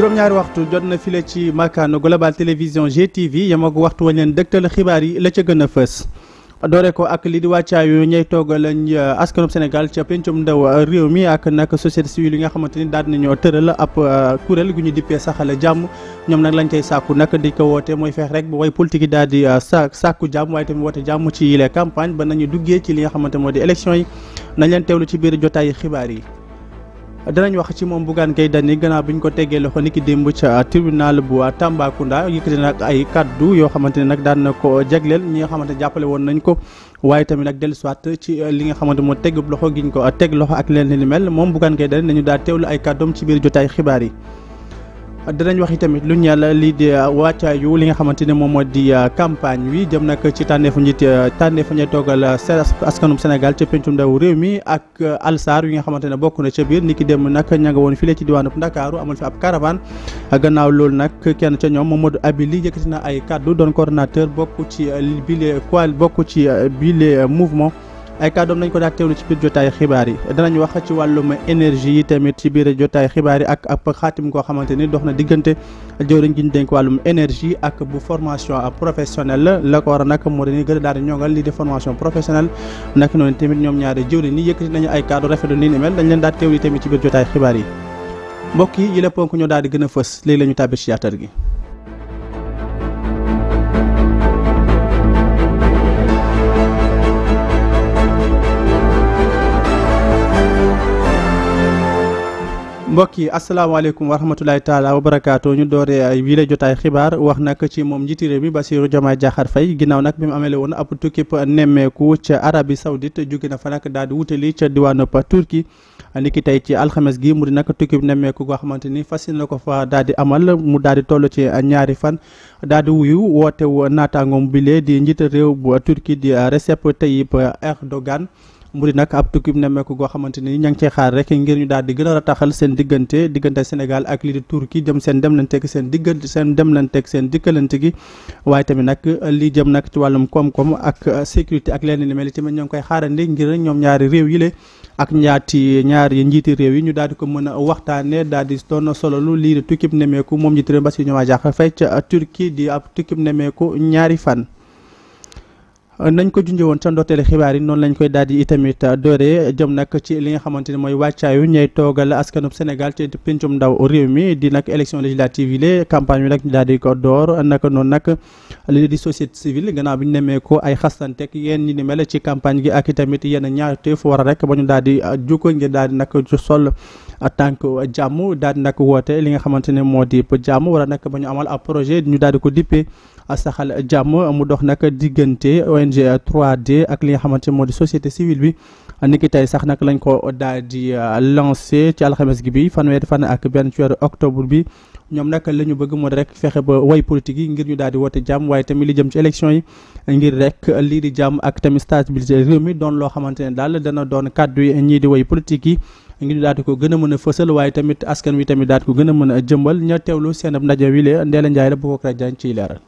juróom-ñaari waxtu jot na file ci makkaanu global télévision GTV yamagu waxtu wañ leen dëgtal xibaar yi la ca gën a fës. doore ko ak li di wàccaayu ñooy toogal uh, askanu Sénégal ca pencum ndaw uh, réew mi ak nag société civile yi nga xamante ni daal nañoo tëral ab uh, kuréel gu ñu dippee saxal jàmm ñoom nag lañ cay sàkku nag di ko woote mooy feex rek way politique yi daal di sa sàkku jàmm waaye tamit woote jàmm ci yile campagne ba nañu duggee ci li nga xamante moo di élection yi nañ leen teewlu ci biir jotaayu xibaar yi. danañu wax ci moom Bougane Gueye Dany gannaaw bi ñu ko teggee loxo niki démb ca tribunal bu Tambacounda yëkkati nag ay kaddu yoo xamante ne nag daan na ko jagleel ñi nga xamante jàppale woon nañ ko waaye tamit nag dellusiwaat ci euh, li nga xamante moo teggub loxo giñ ko teg loxo ak leen li mel moom Bougane Gueye Dany nañu daal teewlu ay kàddoom ci biir jot jotaay xibaar yi dinañ wax tamit lu ñeel lii di uh, wàccaayu li nga xamante ne moom moo di uh, campagne wi jëm nag ci tànneefu njiit uh, tànneefu ñuy toogal askanum Sénégal ca pencum ndaw réew mi ak alsaar yi nga xamante ne bokk na ca biir ni ki dem nag ña nga woon file ci diwaanub Ndakaaru amul fi ab caravane gannaaw loolu nag kenn ca ñoom moom Mamadou Abili yëkkati na ay kaddu doon coordonnateur bokk ci bile quoi bokk ci bile mouvement ay kàddoom nañ ko daal teewlu ci biir jotaay xibaar yi danañ wax ci wàllum énergie yi tamit ci biir jotaay xibaar yi ak ab xaatim koo xamante ni dox na diggante jëwriñ gi ñu dénk wàllum énergie ak bu formation professionnelle la ko war a moo dañuy gën a daal di ñongal formation professionnelle naka noonu tamit ñoom ñaari jëwriñ ni yëkkati nañu ay kàddu rafet nii ni mel dañ leen daal teewlu tamit ci biir jotaay xibaar yi mbokk yële ponk ñoo daal di gën fës léegi la ñu tàbbi ci yaatal gi mbokk yi asalaamaaleykum wa rahmatulahi taala wa barakaatu ñu dooree ay wii jotaay xibaar wax nag ci moom njiiti réew mi Bassirou Diomaye Diakhar Faye ginnaaw nag bi mu amele woon ab tukkib nemmeeku ca Arabie Saoudite jóge na fa nag daal di wutali ca diwaanu pa Turquie niki tey ci alxames gi mu di nak tukki nemmeeku goo xamante ni fas na ko fa daal di amal mu daal di toll ci ñaari fan daal di wuyu woote naataangoom bile di njiita réew bu Turquie di Recep Tayyip Erdogan murid nag ab tukkib nemmeeku goo xamante ni ña ngi cee xaar rek ngir ñu daal di gën a rataxal seen diggante diggante Sénégal ak lii di Turquie jëm seen demlanteeg seen diggante seen demlanteeg seen dikkalante gi waaye tamit nag lii jëm nag ci wàllum koom-koom ak sécurité ak lenn li tamit ñoo ngi koy xaarandi ngir ñoom ñaari réew yi le ak ñaati ñaari njiiti réew yi ñu daal di ko mën a waxtaane daal di doon sololu lii di tukkib nemmeeku moom njiiti réew Bassirou Diomaye Diakhar Faye ca Turquie di ab tukkib nemmeeku ñaari fan nañ ko junjee woon ca ndorteelu xibaar yi noonu lañ koy daal di itamit uh, doore jëm nag ci li nga xamante ne mooy wàccaayu ñay toogal askanu Sénégal ci pencum ndaw réew mi di nag élection législative yi la campagne bi daal di ko door naka noonu nag li di société civile gannaaw bi ñu nemee ko ay xastantek yéen ñi ni mel ci campagne gi ak itamit yenn ñaawte fu war a rek ba ñu daal di uh, jukko ngir daal di nag ci sol uh, tànk jàmm daal nak woote li nga xamante ne moo di jàmm wala nag ba ñu amal ab projet ñu daal di ko dippee saxal jàmm mu dox nag diggante ONG 3D ak li nga xamante moo di société civile bi niki tey sax nag lañ ko daal di euh, lancé ci alxames gi bi fanweeri fan ak benn ci weeru octobre bi ñoom nag la ñu bëgg moo di rek fexe ba way politique yi ngir ñu daal di woote jàmm waaye tamit li jëm ci élection yi ngir rek lii di jàmm ak tamit stabilité réew mi doon loo xamante ne daal dana doon kàddu yi ñii di way politique yi ngir ñu daal di ko gën a mën a fësal waaye tamit askan wi tamit daal ko gën mën a jëmbal ña teewlu seen ab ndaje wi lee Ndella Ndiaye la bu ko ciy leeral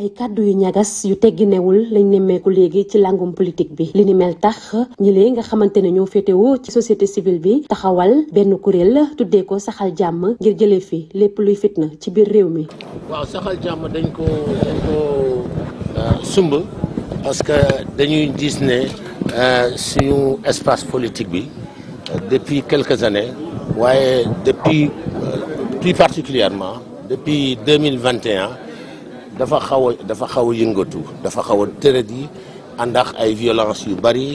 ay kàddu yu ñagas yu tegginewul lañ nemmeeku léegi ci langum politique bi li ni mel tax ñi lee nga xamante ne ñoo féetewoo ci société civile bi taxawal benn kuréel tuddee ko saxal jàmm ngir jëlee fi lépp luy fitna ci biir réew mi. waaw saxal jàmm dañ ko dañ ko euh, sumb parce que dañuy gis ne euh, suñu espace politique bi depuis quelques années waaye depuis euh, plus particulièrement depuis 2021 dafa xaw a dafa xaw a yëngatu dafa xaw a tërët yi àndax ay violence yu bari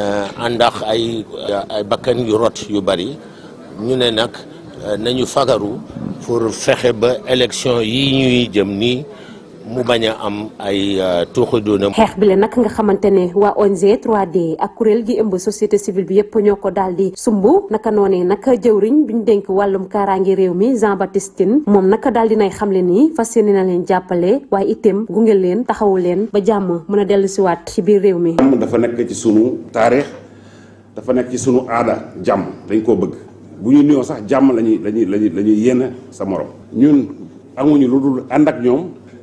euh, àndax ay euh, ay bakkan yu rot yu bari ñu ne nag euh, nañu fagaru pour fexe ba élection yi ñuy jëm nii mu bañ a am ay euh, tuuxi doona xeex bi leen nag nga xamante ne waa ONG 3D ak kuréel gi ëmb societé civile bi yëpp ñoo ko daal di sumb naka noonee nag jëwriñ bi ñu dénk wàllum kaaraange réew mi Jean Baptiste Tine moom naka daal di nay xamle nii fas yéene na leen jàppale waaye itam gunge leen taxawu leen ba jàmm mën a dellu siwaat biir réew mi. dafa nekk ci sunu dafa nekk ci sunu aada jàmm dañ koo bëgg bu ñu nuyoo sax jàmm lañuy lañuy lañuy yéene sa morom ñun amuñu lu dul ànd ak ñoom.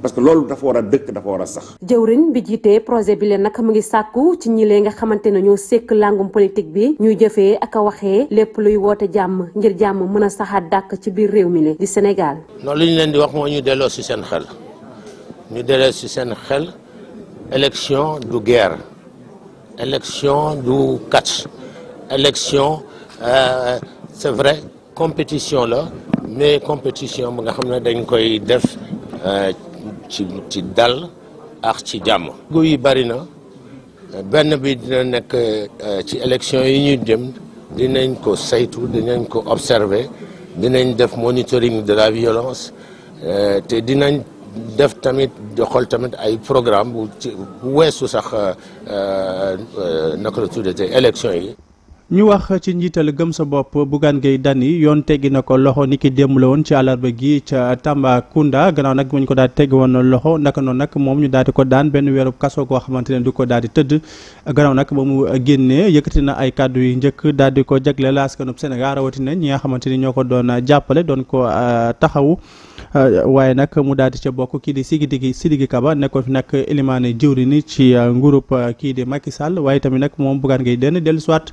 parce que loolu dafa wara deuk dafa wara sax. jëwriñ bi jité projet bi leen nak mu ngi sakku ci ñi lee nga xamanté ne ñoo sekk langum politique bi ñuy jëfé ak waxé waxee lépp luy woote jamm ngir jamm mëna saxat dak ci biir réew mi di Sénégal. noonu li ñu leen di wax mo ñu délo ci seen xel ñu délo ci seen xel élection du guerre élection du catch élection euh, c'est vrai compétition la mais compétition bu nga xam dañ koy def. euh, ci ci dal ak ci jàmm. gu yi na benn bi dina nekk euh, ci élection yi ñuy dem dinañ ko saytu dinañ ko observer dinañ def monitoring de la violence euh, te dinañ def tamit doxal tamit ay programme bu ci weesu sax euh, naka la tuddee élection yi. ñu wax ci njiital gëm sa bopp Bougane Gueye Dany yoon teggi na ko loxo ni ki démb la woon ci àllarba gi ca Tambacounda gannaaw nag bu ko daal di tegg woon loxo naka noonu nag moom ñu daal di ko daan benn weeru kaso koo xamante ne du ko daal di nag ba mu génnee yëkkati na ay kàddu yu njëkk daal di ko jagleel askanub Sénégal rawatina ñi nga xamante ni ñoo ko doon jàppale doon ko euh, taxawu euh, waaye nag mu daal di ca bokk kii di Sidiki Sidiki Kaba nekkoon fi nag élimaane jiwri ni ci euh, ngurub kii di Macky Sall waaye tamit nag moom Bougane Gueye Dany dellu siwaat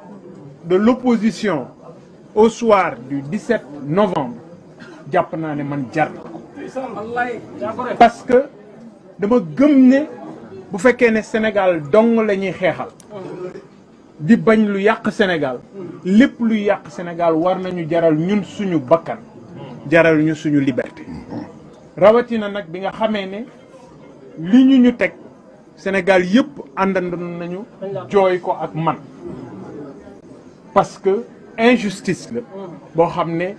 de l'opposition au soir du 17 novembre jàpp naa ne man jar parce que dama gëm ne bu fekkee le Sénégal dong la ñuy xeexal di bañ lu Sénégal lépp lu yak Sénégal war nañu jaral ñun suñu bakan, jaral ñu suñu liberté rawatina nag bi nga xamee ne li ñu ñu Sénégal yëpp àndandoo nañu joy ko ak man parce que injustice la boo xam ne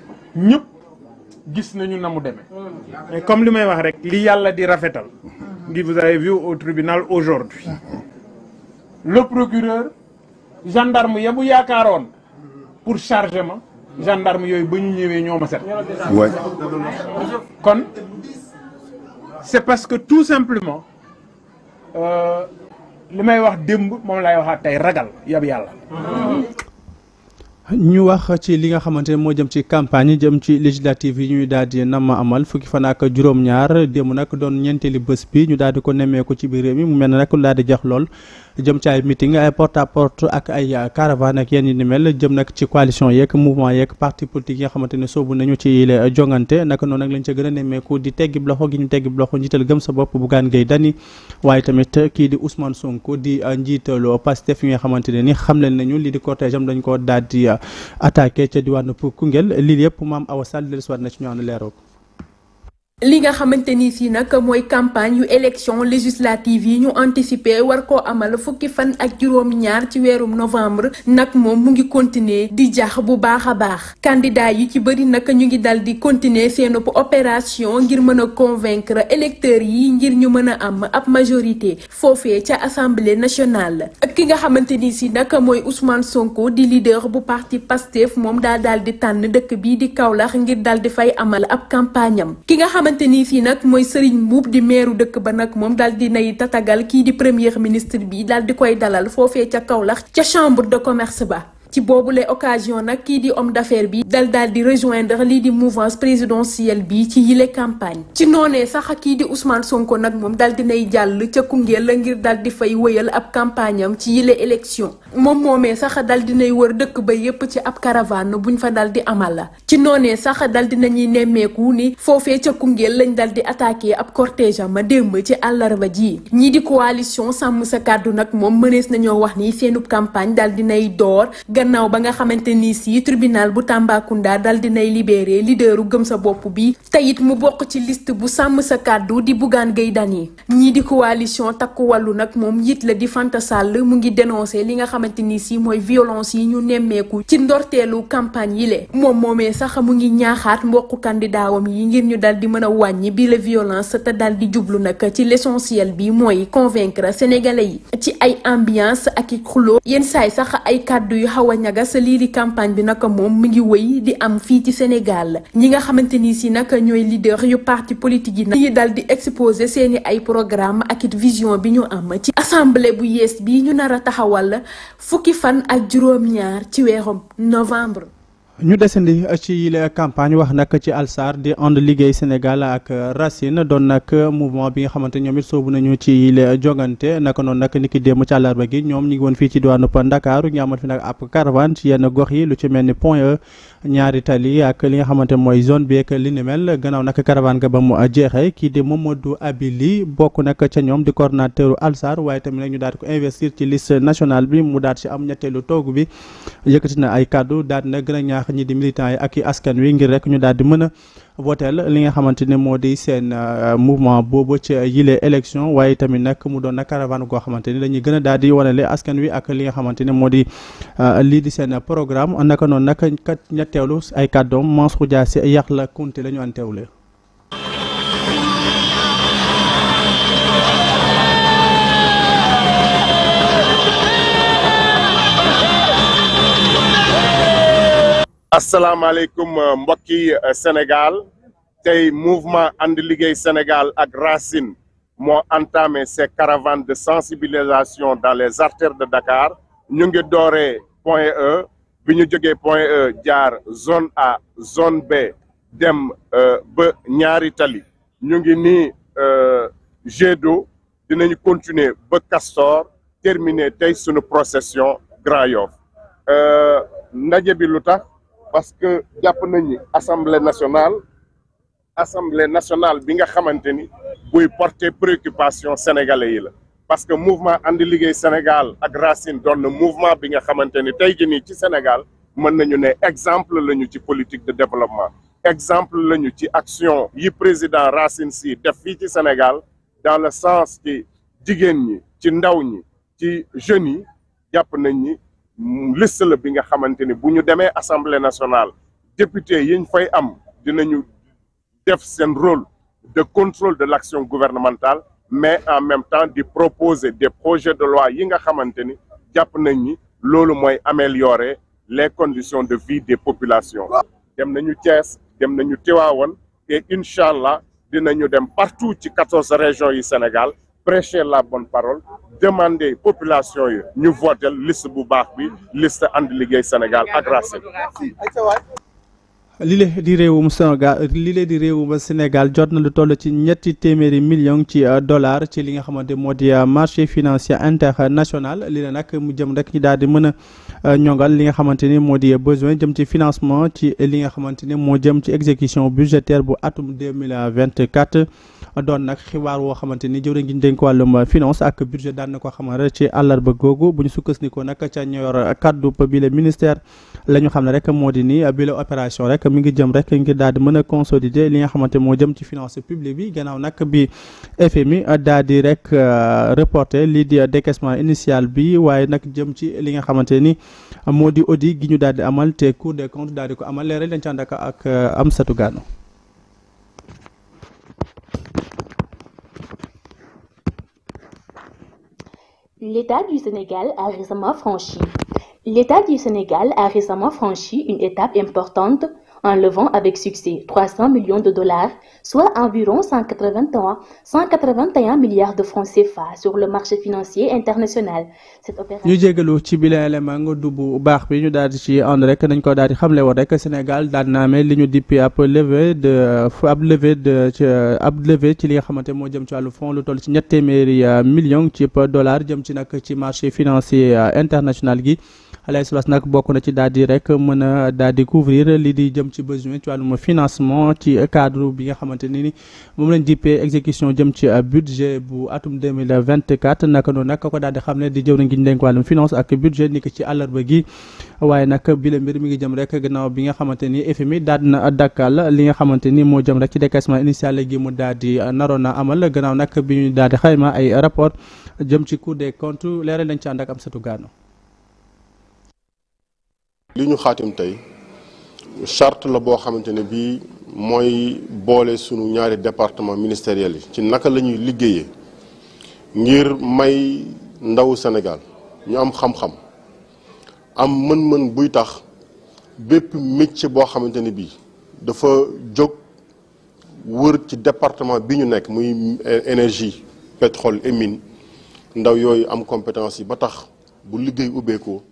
gis nañu namu mu mais comme limay wax rek li yalla di rafétal mm-hmm. ngi vous avez vu au tribunal aujourd'hui le procureur gendarme yabu yakaron pour chargement gendarme yoy ba ñëwé ñoma sét kon c'est parce que tout simplement euh limay wax demb mom lay waxat tay ragal yab yalla mm-hmm. ñu wax ci li nga xamante ne moo jëm ci campagne jëm ci législative yi ñuy daal di nam amal fukki fan juróom-ñaar démb nag doon ñeenteeli bés bi ñu daal di ko nemmeeku ci biir réew mi mu mel ne nag daal di jax lool. jëm ci ay meeting ay porte à porte ak ay euh, caravane ak yenn yi ni mel jëm nag ci coalition yeeg mouvement yeeg parti politique yi nga xamante ne soobu nañu ci yile euh, jongante naka noonu nag lañ ca gën a nemmeeku di teggi loxo gi ñu teggi loxo njiital gëm sa bopp Bougane Gueye Dany waaye tamit kii di Ousmane Sonko di euh, njiitalu Pastef fi nga xamante ne ni xam leen nañu lii di cortège am dañ ko daal di attaqué ca diwaanu Koungheul lii yëpp maam Awa Sall dellusiwaat na ci ñu ànd leeroo li nga xamante ni si nag mooy campagne yu élection législative yi ñu anticiper war koo amal fukki fan ak juróom-ñaar ci weerum novembre nag moom mu ngi continuer di jax bu baax a baax. candidat yi ci bëri nag ñu ngi dal di continuer seen opération ngir mën a convaincre électeurs yi ngir ñu mën a am ab majorité foofee ca assemblée nationale. ak ki nga xamante ni si nag mooy Ousmane Sonko di leader bu parti PASTEF moom daa daal di tànn dëkk bii di Kaolack ngir dal di fay amal ab campagne xamante ni fii nag mooy Serigne Mboup di meeru dëkk ba nag moom daal di nay tatagal kii di premier ministre bi daal di koy dalal foofee ca kawlax ca chambre de commerce ba ci boobu boobule occasion nag kii di homme d'affaires bi dal daal di rejoindre lii di mouvance présidentielle bi ci yile campagne ci noonee sax kii di Ousmane Sonko nag moom daal di nay jàll ca la ngir daal di fay wëyal ab campagne am ci yile élection moom moomee sax dal dinay wër dëkk ba yépp ci ab bu ñu fa dal di amal la ci noonee sax dal dinañuy nemmeeku ni foofee ca Koungheul lañ dal di attaqué ab cortège ma démb ci àllarba ji ñii di coalition sàmm sa kàddu nag moom mënees nañoo wax ni seenub campagne dal dinay door gannaaw ba nga xamante ni si tribunal bu Tambacounda dal dinay libéré leaderu gëm sa bopp bi te it mu bokk ci list bu sàmm sa kàddu di Bougane gay Dany ñii di moom xamante ni si mooy violence yi ñu nemmeeku ci ndorteelu campagne yi le moom moomee sax mu ngi ñaaxaat mboqu kandidaawam yi ngir ñu dal di mën a wàññi bi la violence te dal di jublu nag ci l'essentiel bi mooy convaincre sénégalais yi ci ay ambiance ak i xuloo yenn saay sax ay kàddu yu xaw a ñagas lii di campagne bi nag moom mu ngi wëy di am fii ci Sénégal ñi nga xamante ni si nag ñooy leader yu parti politique yi nag yi dal di exposé seeni ay programme ak it vision bi ñu am ci assemblée bu yees bi ñu nar a taxawal fukki fan ak juróom-ñaar ci weeru novembre ñu desandi uh, ci yile campagne wax nag ci alsar di ànd liggéey Sénégal ak uh, Racine doon nag mouvement bi nga xamante ñoom it soobu nañu ci yile jongante naka noon nag ni ki démb ci àllarba gi ñoom ñu ngi woon fii ci diwaanu Ndakaaru ñu amal fi nag ab caravane ci yenn gox yi lu ci mel ni Point E ñaari tali ak li nga xamante mooy zone bi ak li ni mel gannaaw nag caravane ga ba mu uh, jeexee kii di Mamadou Abili bokk nak ca ñoom di coordonnateur alsar waaye tamit nag ñu daal ko investir ci liste nationale bi mu daal ci am ñetteelu toog bi ñaax ñi di militants yi ak i askan wi ngir rek ñu daal di mën a voteel li nga xamante ne moo di seen euh, mouvement boobu ci yile élection waaye tamit nag mu doon na caravane goo xamante ni dañuy gën a daal di wanale askan wi ak li nga xamante ne moo di euh, lii di seen programme naka noonu nag kat ña teewlu ay kàddoom Mansour Dia si yàq la kunte la ñu teewle Assalamu alaikum euh, mbokki euh, Sénégal tay mouvement and liguey Sénégal ak Racine mo entamé ses caravanes de sensibilisation dans les artères de Dakar ñu ngi doré point E biñu joggé point E jaar zone A zone B dem euh, ba ñaari tali ñu ngi ni jet d'eau dinañu continuer ba Castor terminer tay suñu procession Grand euh ndaje bi parce que nous assemblée nationale assemblée nationale binga nga vous porter préoccupation sénégalais yi parce que mouvement andi Sénégal ak Racine donne le mouvement bi nga xamante qui tey Sénégal mën nañu exemple de la politique de développement exemple de l'action action président Racine Sy def Sénégal dans le sens que les jeunes, les ndaw les jeunes liste la bi nga xamanteni buñu démé assemblée nationale député yiñ fay am dinañu def rôle de contrôle de l'action gouvernementale mais en même temps di proposer des projets de loi yi nga xamanteni japp nañ ni lolu améliorer les conditions de vie des populations dem nañu Thiès dem nañu Tivaouane et inshallah dinañu dem partout ci 14 régions du Sénégal prêcher la bonne parole demander population nous ñu votel liste bu baax bi liste ànd Liguey Sénégal ak Racine li lee di réewum Sénégal li le di Sénégal Jordan na lu toll ci ñetti téeméeri million ci euh, dollars, ci li nga xamante moo euh, marché financier international li Nak, nag mu jëm rek ñu daal di mën euh, ñongal li nga xamante ni besoin jëm ci financement ci li nga xamante ni jëm ci exécution budgétaire bu atum 2024 doon nag xibaar woo xamante ni jëwriñ ngi ñu dénk wàllum finance ak budget daan na ko xamal ci àllarba googu bu ñu sukkandikoo nag ca ñor kaddu bi le ministère la ñu xam ne rek moo di ni bile le opération rek mi ngi jëm rek ngir daal di mën a consolider li nga xamante moo jëm ci finance publique bi gannaaw nag bi FMI daal di rek euh, reporté lii di décaissement initial bi waaye nag jëm ci li nga xamante ni moo di audit gi ñu daal di amal te Cour des comptes daal di ko amal leeral dañ ci ak ak euh, Amsatou Gano L'État du Sénégal a récemment franchi une étape importante en levant avec succès 300 millions de dollars, soit environ 181, 181 milliards de francs CFA sur le marché financier international. Cette opération. ci besoin ci wàllum financement ci cadre bi nga xamante ni ni moom lañ dippee exécution jëm ci budget bu atum 2024 naka noonu nag ko daal di xam ne di jëw nañ gi ñu dénk wàllum finance ak budget ni ki ci àllarba gi waaye nag bile mbir mi ngi jëm rek gannaaw bi nga xamante ni FMI daal na dakkal li nga xamante ni moo jëm rek ci décaissement initial gi mu daal di naroon a amal gannaaw nag bi ñu daal di xayma ay rapport jëm ci Cour de comptes leeral lañ ci ànd ak Amsatou Gano li ñu charte la boo xamante ne bii mooy boole sunu ñaari département ministériels yi ci naka la ñuy liggéeyee ngir may ndawu Sénégal ñu am xam-xam am mën-mën buy tax bépp métier boo xamante ne bii dafa jóg wër ci département bi ñu nekk muy énergie pétrole émine ndaw yooyu am compétence yi ba tax bu liggéey ubbeekoo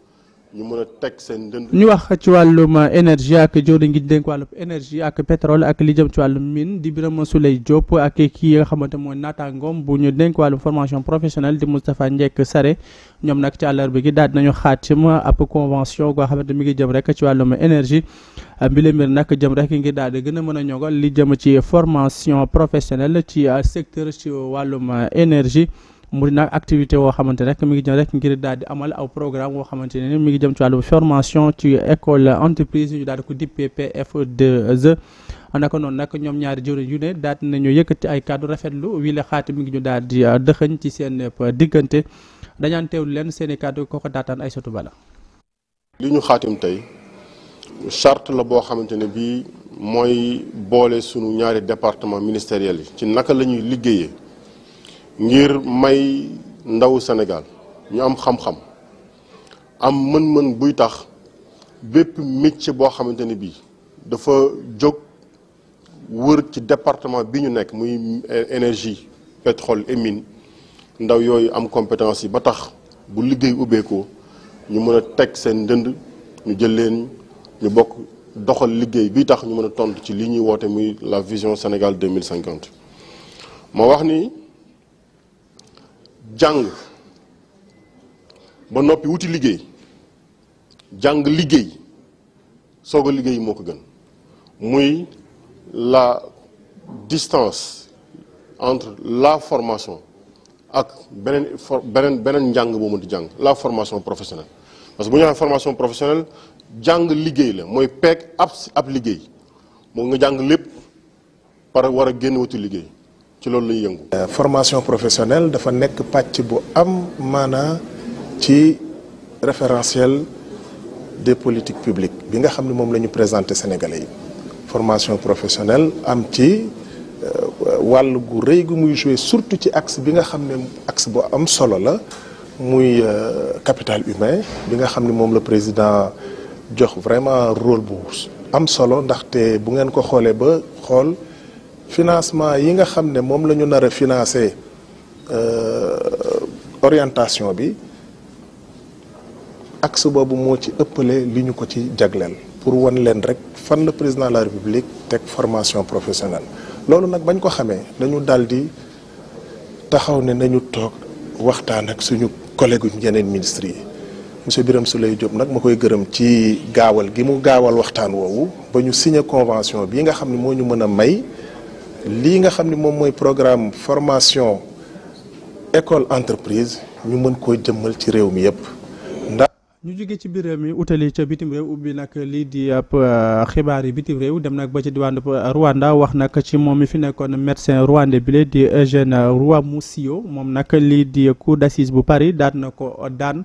ñu mën a teg seen ndënd. ñu wax ci wàllum énergie ak jëwriñ gi dénk wàllum énergie ak pétrole ak li jëm ci wàllum mine di Birame Souleye Diop ak kii nga xamante mooy naataangoom bu ñu dénk wàllum formation professionnelle di Moustapha njekk Sare ñoom nag ci àllarba gi daal nañu xaatim app convention goo xamante mi ngi jëm rek ci wàllum énergie mbile mbir nag jëm rek ngi daal di gën a mën a ñogal li jëm ci formation professionnelle ci secteur ci wàllum énergie. mu nag activité woo xamante rek mi ngi jëm rek ngir daal di amal aw programme woo xamante ne mu ngi jëm ci wàllu formation ci école entreprise yu daal di ko dippee PF2E naka noonu nag ñoom ñaari jëwriñ yu ne daal nañu yëkkati ay kàddu rafetlu wii la xaati mi ngi ñu daal di euh, dëxëñ ci seen euh, diggante dañaan teewlu leen seen i kàddu kooku daataan ay sotu bala li ñu xaatim tey charte la boo xamante ne bii mooy boole sunu ñaari département ministériel yi ci naka la ñuy liggéeyee ngir may ndawu Sénégal ñu am xam-xam am mën-mën buy tax bépp métier boo xamante ne bii dafa jóg wër ci département bi ñu nekk muy énergie pétrole émine ndaw yooyu am compétence yi ba tax bu liggéey ubbeekoo ñu mën a teg seen ndënd ñu jël leen ñu bokk doxal liggéey bi tax ñu mën a tontu ci li ñuy woote muy la vision Sénégal 2050 moo wax ni Jang, ba nopi wuti jang la distance entre la formation ak la formation professionnelle parce que bu formation professionnelle jang liggéey la moy pek ap ap nga jang par wara ci loolu lay yëngu. Euh, formation professionnelle dafa nekk pàcc bu am maanaa ci référentiel des politiques publiques bi nga xam ne moom la ñu présenté Sénégalais yi formation professionnelle am ci euh, wàll gu rëy gu muy joué surtout ci axe bi nga xam ne axe bu am solo la muy euh, capital humain bi nga xam ne moom la président jox vraiment rôle bu am solo ndaxte bu ngeen ko xoolee ba xool. financement yi nga xam ne moom la ñu nar a financer euh, orientation bi ak axe boobu moo ci ëppale li ñu ko ci jagleel pour wan leen rek fan la président la république teg formation professionnelle loolu nag bañ ko xamee dañu daldi taxaw ne nañu toog waxtaan ak suñu collègue yu yeneen ministres yi monsieur Birame Souleye Diop nag ma koy gërëm ci gaawal gi mu gaawal waxtaan woowu ba ñu signé convention bi nga xam ne moo ñu mën a may lii nga xam ne moom mooy programme formation école entreprise ñu mën koo jëmmal ci réew mi yëpp ndax ñu jóge ci biir réew mi utali ca bitim réew ubbi nag lii di ab euh, xibaar yi bitim réew dem nag ba ci diwaanu euh, Rwanda wax nag ci moom mi fi nekkoon médecin rwande bi di Eugène Rwamusio moom nag lii di cour d'assises bu Paris daan na ko daan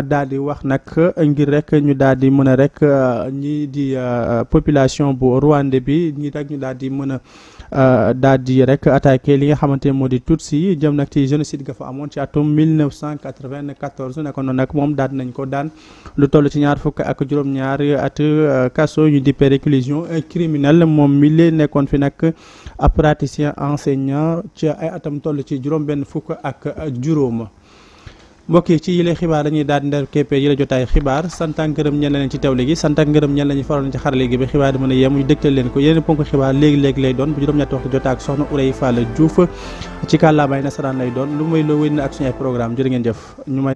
daal wax nak ngir rek ñu daal di rek euh, ñi di euh, euh, population bu Rwanda bi ñi rek ñu daal mëna mën rek attaquer li nga xamante modi Tutsi jëm nak ci génocide ga fa amoon ci atum 1994 nak non nak mom daal nañ ko daan lu tollu ci ñaar fukk ak juroom ñaar at Kasso ñu dippee un criminel mom mi lé nekkoon fi nak praticien enseignant ci ay atam tollu ci juroom ben fukk ak juroom mbokk yi ci yile xibaar dañuy daal di ndar képpee yile jotaay xibaar sant ak ngërëm ñen leen ci teewle gi sant ak ngërëm ñen lañu faroon ci xarale gi ba xibaar di mën a yem ñu dégtal leen ko yeneen ponk xibaar léegi-léegi lay doon bu juróom-ñetti waxtu jotaay ak soxna Ourey Fall Diouf ci kàllaamay nasaraan lay doon lu may loo wéy na ak suñu ay programme jërë ngeen jëf